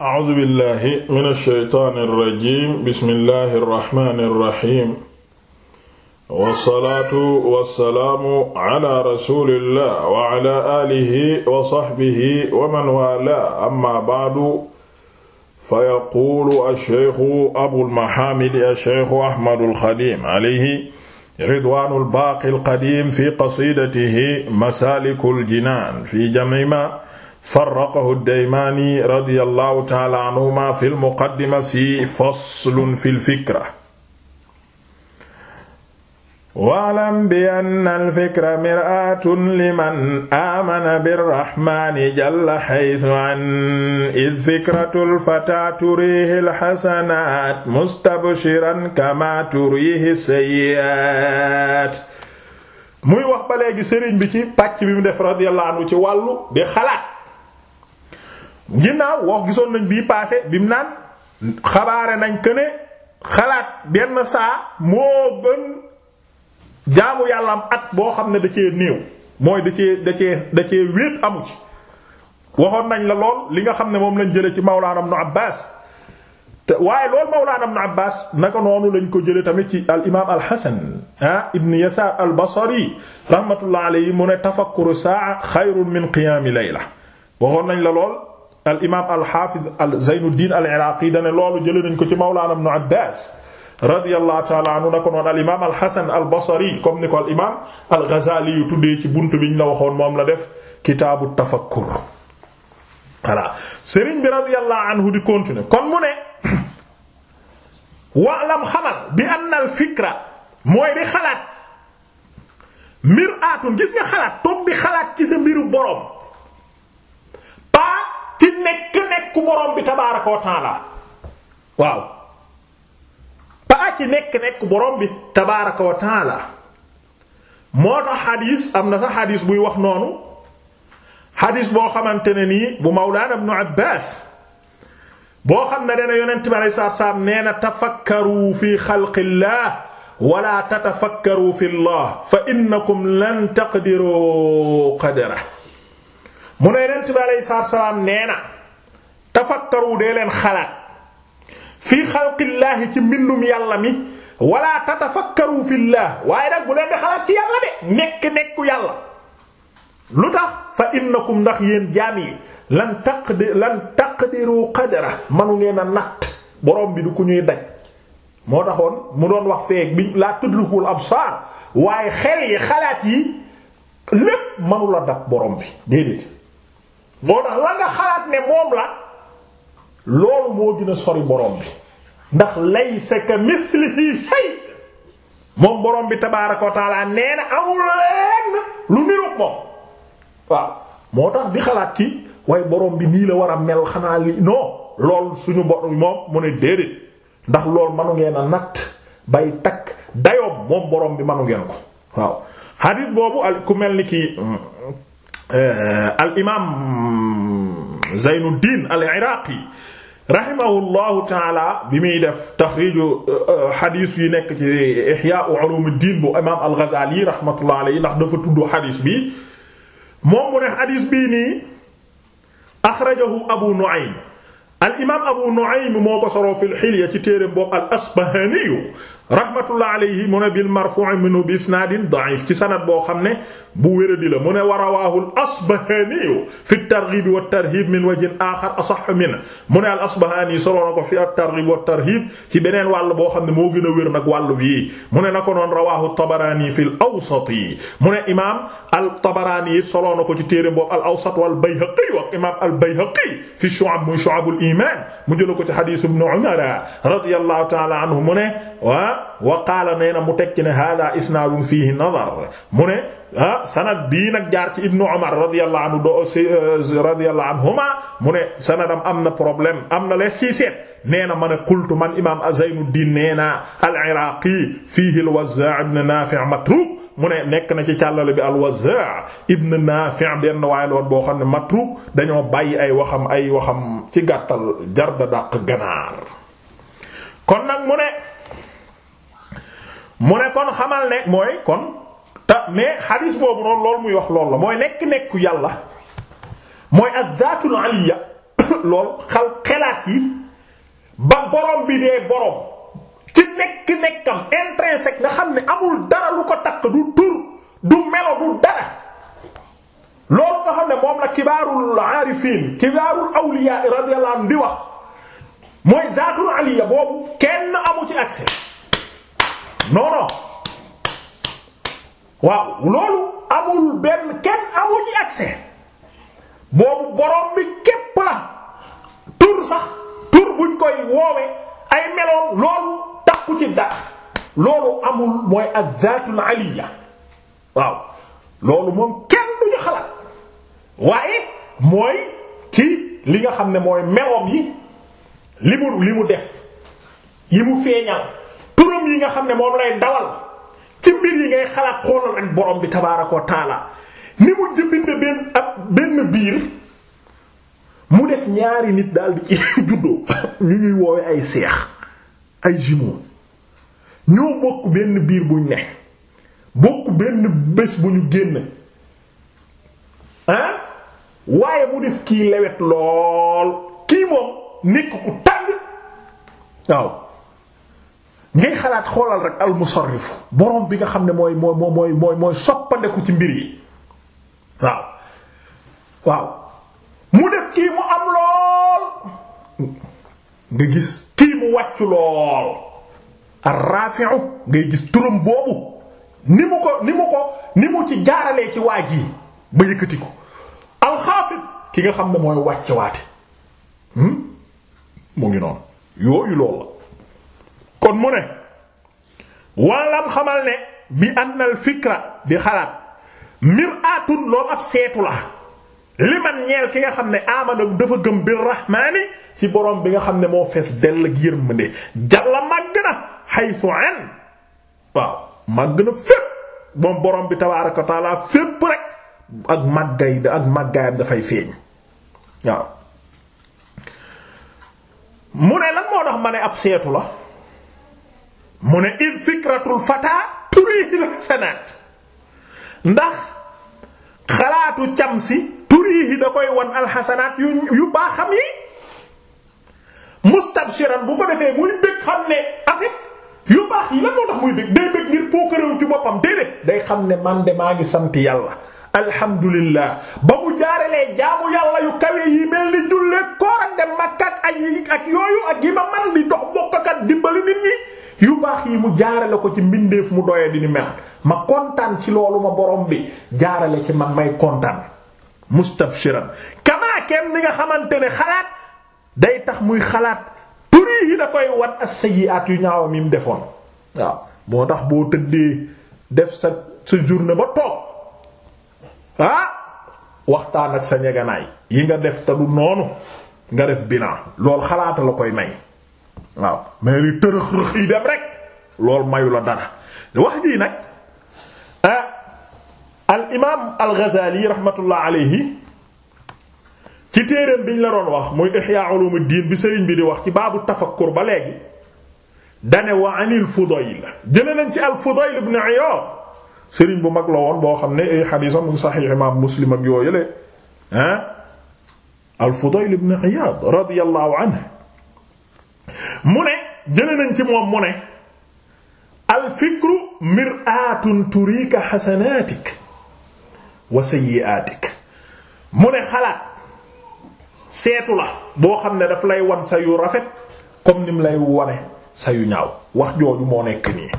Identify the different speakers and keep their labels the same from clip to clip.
Speaker 1: A'uuzu billaahi mina shaytaani rajiim bismillaahi rahmaani rahiim. Wassalaatu wassalaamu ala rasuulillah wa ala aalihi wa sahbihi wa man waalaahu amma ba'du. Fayaquulu ash-shaykhu Abul Mahaamid ash-shaykhu Ahmadul Xadiim alayhi ridwaanul baaqil qadiim fi qasiidatihi Masaalikul Jinaan fi jam'i maa farraqahu ad-Daymaani radiyallahu ta'ala anhuma fil muqaddima fi faslun fil fikra wa'lam bi anna al-fikra mir'aatun liman aamana bir-rahmaani jalla haythu an idh fikratul fataa turiihi al-hasanaat mustabshiran kamaa turiihi as-sayyi'aat muy wax ba léegi sëriñ bi ci pàcc bi mu def radiyallahu anhu ci wàllu di xalaat ginnaaw wax gisoon nañ bii passé bi mu naan xabaare nañ que xalaat benn saa moo gën jaamu yàlla at boo xam ne da cee néew mooy da cee da cee da cee wéet amu ci. waxoon nañ la lool li nga xam ne moom lañ jëlee ci Mawlaana Ibnu Abbaas te waaye loolu Mawlaana Ibnu Abbaas naka noonu lañ ko jëlee tamit ci al imaam al Hasan ah Ibn Yasaar al Basri rahmatullah alayhi mu ne tafakkuru saa xayrun min qiyaami layla waxoon nañ la lool. al imaam al xaafiz al dane loolu jëlee ko ci Mawlaana Ibnu Abbaas radiyallahu ta'ala anhu na ko noonu al imaam al ni ko al imaam al Ghazali ci buntu bi ñu la waxoon moom la def kitaabu tafakkur voilà Serigne bi radiyallahu anhu di continuer kon mu ne waalam xamal bi anna al fikra mooy di xalaat mir'atun gis nga xalaat toog di xalaat ci sa mbiru nekk nekku borom bi tabaaraka wa taala waaw paa ci nekk nekku borom bi tabaaraka wa taala moo tax xadiis am na sax xadiis buy wax noonu xadiis boo xamante ne nii bu mawlaana ibnu Abbaas boo xam ne dana yonent bi alayhi salaatu salaam nee na tafakkaru fi xalqillah wala tatafakkaru fi llah fa innakum lan taqdiru qadra mu ne yonent bi alayhi salaatu salaam tafakkaru dee leen xalaat fii xalqillaahi ci mbindum yàlla mi wala tatafakkaru fillah waaye nag bu leen di xalaat ci yàlla de nekk nekku yàlla lu tax fa innakum ndax yéen jaam yi lan taqdi lan taqdiru qadra manu ngeen a natt borom bi du ku ñuy daj moo taxoon mu doon wax feek bi laa tudlukul absaar waaye xel yi xalaat yi lépp manu la dab borom bi déedéet moo tax la nga xalaat ne moom la loolu moo gën sori borom bi ndax laysa ka mislihi shay moom borom bi tabaaraka wa taala nee na amul lenn lu niroog moom waaw moo tax di xalaat ci waaye borom bi nii la war a mel xanaa li non lool suñu borom moom mu ne déedéet ndax loolu manu ngeen a natt bay takk dayoom moom borom bi manu ngeen ko waaw hadith boobu al ku mel ni ki mm, eh, al imaam Zaynuddin al-Iraqi rahimahullahu taala bi muy def taxriiju euh, euh, xadiis yi nekk ci Ihyaa'u Ulumuddin bu imaam al-Ghazali rahmatullahi alayhi ndax dafa tudd xadiis bi moom mu ne xadiis bii nii axrajahu Abu Nu'aym al imaam Abu Nu'aym moo ko soroo fil Hilya ci téere boobu al-Asbahani rahmatullah alayhi mu ne bil marfu' minhu bi isnaadin da'if ci sanad boo xam ne bu wéradi la mu ne wa rawahu al asbahani fi at-targhib wa at-tarhib min wajhin akhar asah min mu ne al asbahani soloo na ko fi at-targhib wa at-tarhib ci beneen wàll boo xam ne moo gën a wér nag wàll wi mu ne na ko noon rawahu at-tabarani fi al-awsat yi mu ne imam at-tabarani it soloo na ko ci téere boobu al-awsat wal bayhaqi wa imam al bayhaqi fi shu'ab mu shu'ab al iman mu jëla ko ci hadith ibn umar radiyallahu ta'ala anhu mu ne wa wa qaala nee na mu teg ci ne hada isnaadun fiihi nadar mu ne ah sanad bii nag jaar ci ibnu Umar radiyallahu anhu do eh, radiyallahu anhuma mu ne sanadam am na problème am na lees ciy seet nee na ma ne qultu man imam Zaynuddin nee na al-Iraqi fiihi al-Wazza' ibn Nafi' matruk mu ne nekk na ci càllale bi al-Wazza' ibn Nafi' benn waaye loon boo xam ne matruk dañoo bàyyi ay waxam ay waxam ci gàttal jar da dàq ganaar kon nag mu ne mu ne kon xamal ne mooy kon ta mais xadis boobu noonu loolu muy wax loolu la mooy nekk-nekku yàlla mooy az-zaatul aliyya lool xal xelaat yi ba borom bi dee borom ci nekk-nekkam intrinsèque nga xam ne amul dara lu ko takk du tur du melo du dara loolu nga xam ne moom la kibaarul aarifiin kibaarul awliyaa radiyallahu anhu bi wax mooy zaatul aliyya boobu kenn amu ci accès non waaw loolu amul benn kenn amul ci accès boobu borom bi képp la tur sax tur buñ koy woowe ay meloom loolu takku ci dara loolu amul mooy az-zaatul aliya waaw loolu moom kenn duñu xalaat waaye mooy ci li nga xam ne mooy meloom yi li mu li mu def yi mu feeñal turam yi nga xam ne moom lay dawal ci mbir yi ngay xalaat xoolal ak borom bi tabaaraka wa ni mu bind benn benn biir mu def ñaari nit daal di ci juddoo ñu ñuy woowe ay seex ay jumeaux ñoo bokk benn biir buñ ne bokk benn bés bu ñu génn ah waaye mu def kii lewet lool kii moom nekk ku tàng waaw ngay xalaat xoolal rek almusarrifu borom bi nga xam ne mooy mooy mooy mooy mooy soppandeku ci mbir yi waaw waaw mu def kii mu am lool nga gis kii mu wàccu lool ar ngay gis turam boobu ni mu ko ni mu ko ni mu ci jaaralee ci waaj yi ba yëkkati ko alxaafid ki nga xam ne mooy wàcce waate hmm? mu ngi noonu yooyu lool la kon mu ne waalam xamal ne bi anna al fikra di xalaat mir'atun loolu ab seetu la li man ñeel ki nga xam ne amana dafa gëm bir rahmaani ci borom bi nga xam ne moo fees dell ak yërmande jalla màgg na haythu an waaw màgg na fépp moom borom bi tabaaraka wa taala fépp rek ak màggay ak màggaayam dafay feeñ waaw mu ne lan moo tax ma ne ab seetu la mu ne id fikratul fata turihil hasanaat ndax xalaatu camsi turihi da koy wan alxasanaat yu yu baaxam yi mustabshiran bu ko defee muy bëgg xam ne afit yu baax yi lan moo muy bëgg day bëgg ngir pookaréew ci boppam déedéet day xam ne man de maa ngi sant yàlla alhamdulillah ba mu jaaralee jaamu yàlla yu kawe yi mel ni jullee koor ak dem Makka ak ay yooyu ak yi ma man di dox bokkakat dimbali nit ñi baax yi mu jaarale ko ci mbindeef mu doye di ni mel ma kontaan ci loolu ma borom bi jaarale ci man may kontaan mustabshiran kamaa kenn ni nga xamante ne xalaat day tax muy xalaat turi yi da koy wat as-sayyi'at yu ñaawam yi mu defoon waaw moo tax boo tëddee def sa sa na ba toog ah, waxtaan ak sa ñeganaay yi nga def te noonu nga def bilan lool xalaata la koy may waaw mais tërëx rëx yi dem rek loolu mayu la dara wax jii nag ah al imaam al Ghazali rahmatullah alayhi ci téereem biñ la doon wax muy Ihya Ulumuddin bi sëriñ bi di wax ci baabu tafakkur ba léegi dane wa anil Fudayl jëlee nañ ci al Fudayl ibn Iyad sëriñ bu mag la woon boo xam ne ay xadiisam mu saxiix imaam Muslim ak yoo yële ah al Fudayl ibn Iyad radiyallahu anhu mu ne jëlee nañ ci moom mu ne. al fikru mir'atun turika wa sayyi'aatik mu ne xalaat seetu la boo xam ne daf lay wan sa yu rafet comme nim lay wane sa yu ñaaw wax jooju moo nekk nii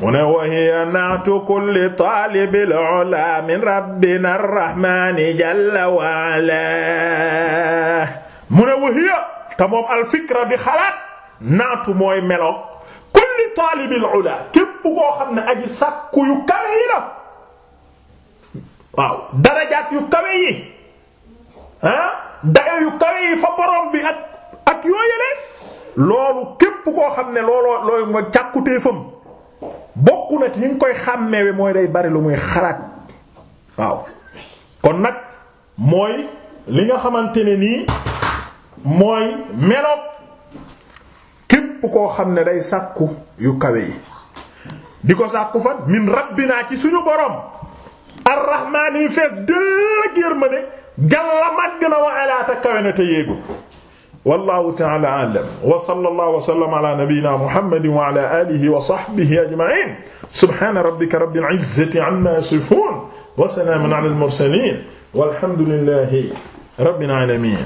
Speaker 1: mu ne wa hiya naatu kulli taalibil ula min rabbina arrahmani jalla wa ala mu ne wa hiya te moom di xalaat naatu mooy meloog kulli taalibil ula képp koo xam ne aji sàkku yu kawe yi la waaw darajaat yu kawe yi ah yu kawe yi fa borom bi ak ak yooyale loolu képp koo xam ne looloo looy mooy càkkutéefam bokk na ci yi nga koy xàmmeewe mooy day bari lu muy xalaat waaw kon nag mooy li nga xamante ne nii mooy meloog képp koo xam ne day sàkku yu kawe yi di ko sàkku fan min rabbinaa ci suñu borom arrahmaan yu fees dëllëg yërmande jalla màgg na wa alaata kawe na te yéegu wallahu ta'ala a'lam wa sallallahu wa sallama ala nabiyyina muhammadin wa ala alihi wa sahbihi ajma'in subhana rabbika rabbil izzati amma yasifun wa salamun ala al mursalin walhamdulillahi rabbil alamin